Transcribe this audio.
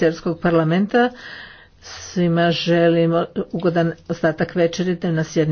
Cerskog parlamenta. Svima želim ugodan ostatak večeri na sjednici.